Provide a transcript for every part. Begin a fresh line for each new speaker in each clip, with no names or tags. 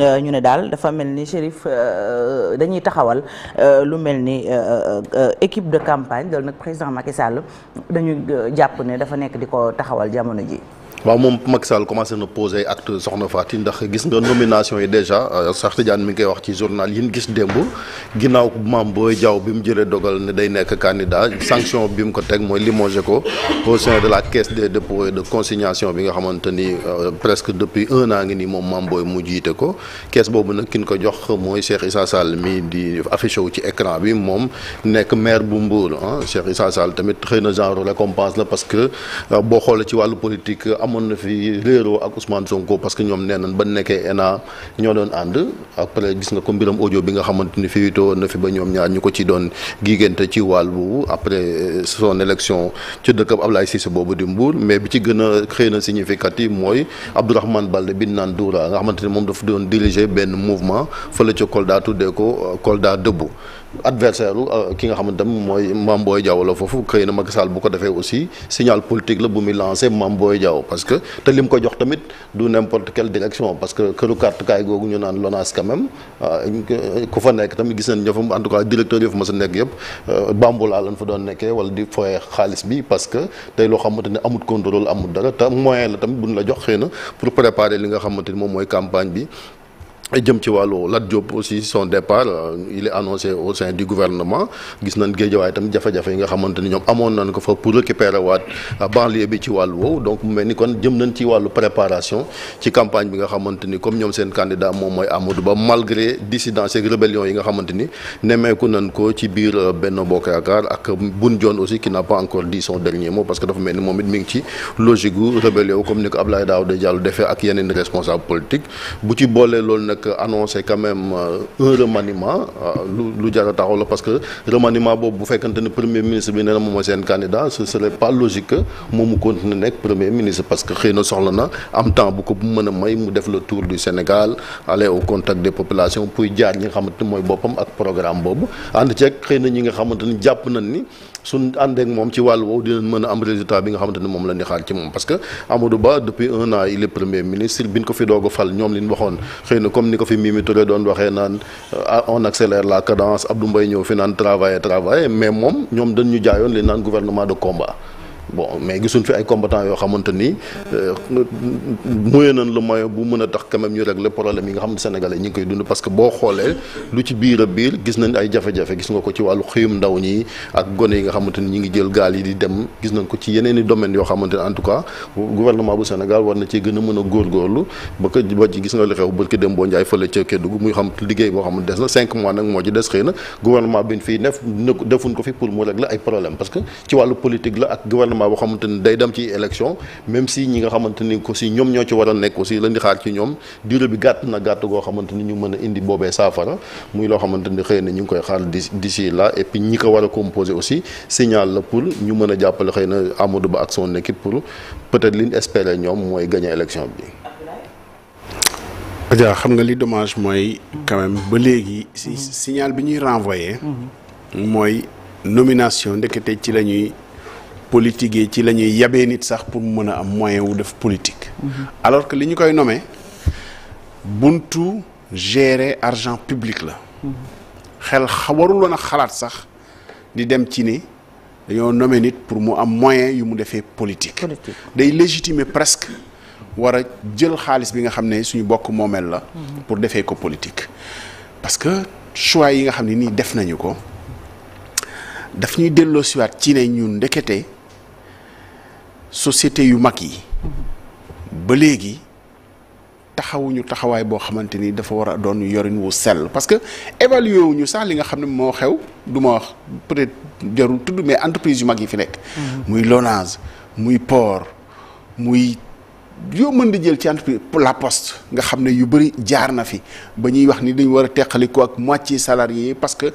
Euh, ñu ne daal dafa mel ni Chérif euh, dañuy taxawal euh, lu mel ni équipe de campagne loolu nag président Macky Sall dañu jàpp ne dafa nekk di ko taxawal jamono ji waaw moom Macky Sall commencé na poser acte soxna Faty ndax gis nga nomination yi déjà euh, Cheikh Tidiane mi ngi koy wax ci journal yi ñu gis démb ginnaaw Mame Boye Diaw bi mu jëlee dogal ne day nekk candidat sanction bi mu ko teg mooy limogé ko au sein de la caisse des dépôts et de consignation bi nga xamante ni euh, presque depuis un an ngi nii moom Mame Boye mu jiitee ko caisse boobu nag ki ñu ko jox mooy Cheikh Issa mii mi di affiché ci écran bi moom nekk maire bu Mbour ah Cheikh Issa Sall xëy na genre récompense la parce que euh, boo xoolee ci wàllu politique. amoon na fi réeroo ak Ousmane Sonko parce que ñoom nee nañ ba nekkee ENA ñoo doon ànd après gis nga ko mbiram bi nga xamante ni fi itoo na fi ba ñoom ñaar ñu ko ci doon giggante ci wàll boobu après euh, son élection ci dëkkab Ablaye Cissé boobu di Mbour mais bi ci gën xëy na significatif mooy Abdourahmane Baldé bi naan Doura nga xamante ni moom dafa doon diriger benn mouvement fële ca Kolda tuddee ko euh, Kolda Debout adversaire euh, ki nga xamante ni mooy Mame Boye Diao la foofu xëy na mag Sall bu ko defee aussi signal politique la bu muy lancé Mame Boye parce que te lim ko jox tamit du n'importe quelle direction parce que këru carte kaay googu ñu naan LONASE quand euh, ku fa nekk tamit gis nañ ña fa en tout cas directeur yi fa ma sa nekk yëpp euh, bambulaa lan fa doon nekkee wala di foye xaalis bi parce que tey loo xamante ne amut contrôle amut dara te moyen la tamit buñ la jox xëy na pour préparer li nga xamante ni moom mooy campagne bi jëm ci wàllu Lat Diop aussi son départ euh, il est annoncé au sein du gouvernement gis nañ géejawaay itam jafe-jafe yi nga xamante ni ñoom amoon nañ ko fa pour récupérer waat euh, banlieue bi ci wàllu woowu donc mu mel ni kon jëm nañ ci wàllu préparation ci campagne bi nga xamante comme ñoom seen candidat moom mooy Amadou Ba malgré dissidence ak rébellion yi nga xamante ni nemmeeku nañ ko ci biir euh, Benno Bokk Yaakaar ak Boun Dionne aussi qui n'a encore dit son dernier moom it que annoncé quand même euh, un remaniement euh, lu lu jar a taxaw parce que remaniement boobu bu fekkante ne premier ministre bi nee moom mooy seen candidat ce serait pas logique que moom mu continuer nekk premier ministre parce que xëy na soxla na am temps bu ko mën a may mu def le tour du Sénégal aller au contact des populations pour jaar ñi nga xamante ni mooy boppam ak programme boobu ànd ceeg xëy na ñi nga xamante ni jàpp nañ ni. suñ àndeek moom ci wàll woowu dinañ mën a am résultat bi nga xamante ne moom la ñu xaar ci moom parce que Amadou Ba depuis un an il est premier ministre bi ñu ko fi doog a fal ñoom li waxoon xëy na comme ni ko fi Mimi Touré doon waxee naan euh, ah, on accélère la cadence Abdou Mbaye ñëw fi naan travailler travailler mais moom ñoom dañ ñu jaayoon li naan gouvernement de combat. bon mais gisuñ fi ay combattant yoo xamante ni moyen nañ lu moyen bu mën a tax quand même ñu régler problème yi nga xam ne sénégalais ñi ngi koy dund parce que boo xoolee lu ci biir a biir gis nañ nga ko ci wàllu xëyum ndaw ñi ak gone yi nga xamante ni ñi ngi jël gaal yi di dem gis nañ ko ci yeneen i yoo xamante en tout cas gouvernement bu Sénégal war na ci gën a mën a góorgóorlu ba ko ba ci gis nga li xew bërki dem boo njaay fële xam liggéey boo xam ne des na cinq mois nag moo gouvernement boo xamante ni day dem ci élection même si ñi nga xamante ni aussi ñoom ñoo ci war a nekk aussi lañ di xaar ci ñoom durée bi gàtt na gàtt goo xamante ni ñu mën a indi boobee saafara muy loo xamante ni xëy na ñu ngi koy xaar d'ici si la puis ñi ko war a composer aussi signal la pour ñu mën a jàppale xëy na Amadou Ba ak son équipe pour peut-être liñ espérer ñoom mooy gagner élection bi.
Adja xam nga li dommage mooy quand même ba léegi si signal bi ñuy renvoyer. Mhm. mooy nomination ndekete ci la ñuy. politique yi ci la ñuy yabee nit sax pour mu mën a am moyen wu def politique. Mhm. alors que li ñu koy nommé buntu gérer argent public la. Mhm. xel warul a xalaat sax di dem ci ni dañoo nome nit pour mu am moyen yu mu defee politique. day légitimer presque war a jël xaalis bi nga xam ne suñu bokk moomeel la. Mhm. pour defee ko politique. parce que choix yi nga xam ne nii def nañu ko. daf ñuy delloosiwaat ci ne ñu ndekete société yu mag yi ba léegi taxawuñu taxawaay boo xamante ni dafa war a doon yorin wu sell parce que évalué wuñu sax li nga xam ne moo xew du ma wax peut-être jarul tudd mais entreprise yu mag yi fi nekk. Mm-hmm. muy Lonase muy port muy yoo mën di jël ci entreprise la poste nga xam ne yu bëri jaar na fi ba ñuy wax ni dañu war a teqali ko ak moitié salarié yi parce que.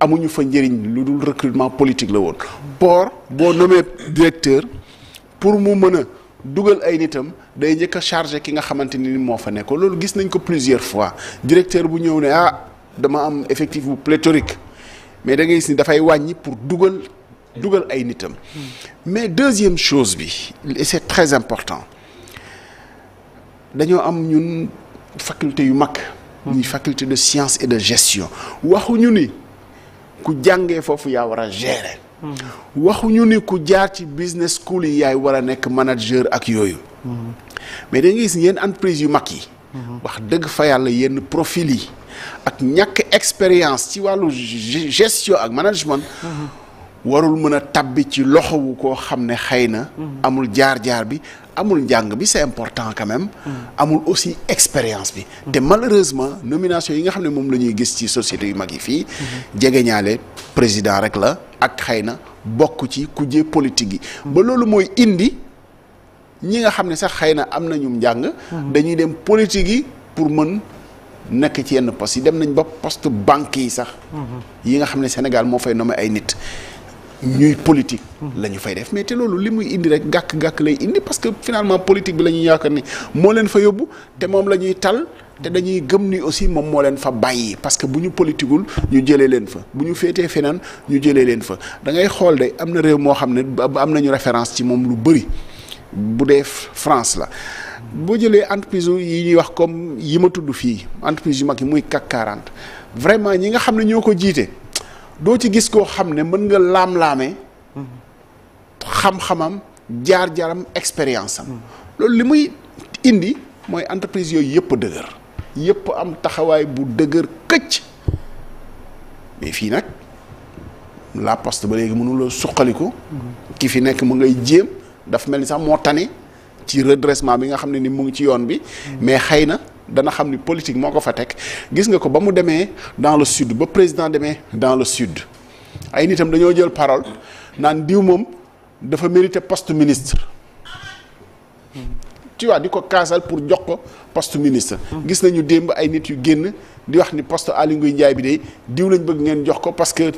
amuñu fa njëriñ lu dul recrutement politique la woon port boo nommé directeur pour mu mën a dugal ay nitam day njëkk a ki nga xamante ni moo fa nekk loolu gis nañ ko plusieurs fois directeur bu ñëw ne ah dama am effectif bu pléthorique mais da ngay gis ni dafay wàññi pour dugal dugal ay nitam hmm. mais deuxième chose bi et c'est très important dañoo am ñun faculté yu mag ñuy hmm. faculté de sciences et de gestion waxuñu ni ku jàngee foofu yaa war a gérer waxuñu ni ku jaar ci business school yi yaay war a nekk manager ak yooyu. mais da gis yenn entreprise yu mag yi. wax dëgg fa yàlla yenn profil yi ak ñàkk expérience ci wàllu gestion ak management. warul mën a tabbi ci loxowu koo xam ne xëy na. Mhm. amul jaar-jaar bi amul njàng bi c'est important quand même. Mhm. amul aussi expérience bi. Mhm. te malheureusement nomination yi nga xam ne moom la ñuy gis ci société yu mag yi fii. ñaale président rek la ak xëy na bokk ci ku kujje politique yi. ba loolu mooy indi ñi nga xam ne sax xëy na am nañu njàng. dañuy dem politique yi pour mën. nekk ci yenn poste yi dem nañ ba poste banque yi sax. yi nga xam ne Sénégal moo fay nommé ay nit. ñuy politique la ñu fay def mais te loolu li muy indi rek gàkk-gàkk lay indi parce que finalement politique bi la ñuy yaakaar ni moo leen fa yóbbu te moom la ñuy tal te dañuy gëm ni aussi moom moo leen fa bàyyi parce que bu ñu politiqueul ñu jëlee leen fa bu ñu féetee feneen ñu jëlee leen fa dangay xool de am na réew moo xam ne am nañu référence ci moom lu bëri bu dee France la boo jëlee entreprise yi ñuy wax comme yi ma tudd fii entreprise yu mag yi muy CAC 40 vraiment ñi nga xam ne ñoo ko jiite doo ci gis koo xam ne mën nga laam-laame xam-xamam jaar jaram expérience am loolu li muy indi mooy entreprise yooyu yëpp dëgër yëpp am taxawaay bu dëgër këcc mais fii nag la poste ba léegi mënula suqaliku ki fi nekk mu ngay jéem dafa mel ni sax moo tane ci redressement bi nga xam ne ni mu ngi ci yoon bi mm. mais xëy na dana xam ni politique moo ko fa teg gis nga ko ba mu demee dans le sud ba président demee dans le sud ay nitam dañoo jël parole naan diw moom dafa mérité poste ministre tu di ko kaasal pour jox ko poste ministre gis nañu démb ay nit yu génn di wax ni poste Aly Ngouille Ndiaye bi de diw lañ bëgg ngeen jox ko parce que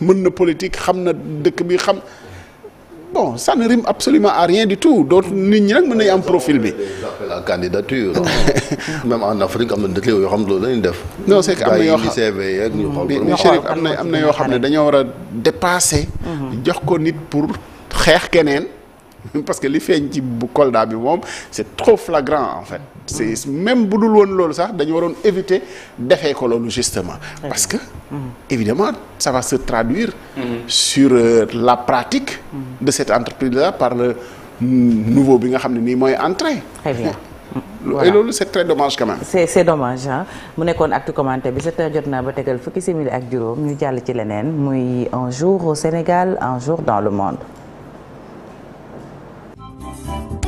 mën na politique xam na dëkk bi xam bon sa ne rime absolument à rien du tout dootu nit ñi nag mën nañu am profil bi. la candidature. même en Afrique am na dëkk yoo xam
ne loolu la def. non c'est am na yoo xam ne
dañoo war a dépasser. Mm-hmm. jox ko nit pour xeex keneen. parce que li feeñ ci bu Kolda bi moom c'est trop flagrant en fait c'est même bu dul woon loolu sax dañu waroon éviter defee ko loolu justement parce que mhm. évidemment ça va se traduire mhm. sur euh, la pratique mhm. de cette entreprise la par le nouveau bi nga xam ne nii mooy entrée voilà et loolu c'est très dommage quand même.
c'est c'est dommage mu nekkoon actu commenté bi sept heures jot naa ba tegal fukki simili ak juróom ñu jàll ci leneen muy un jour au Sénégal un jour dans le monde.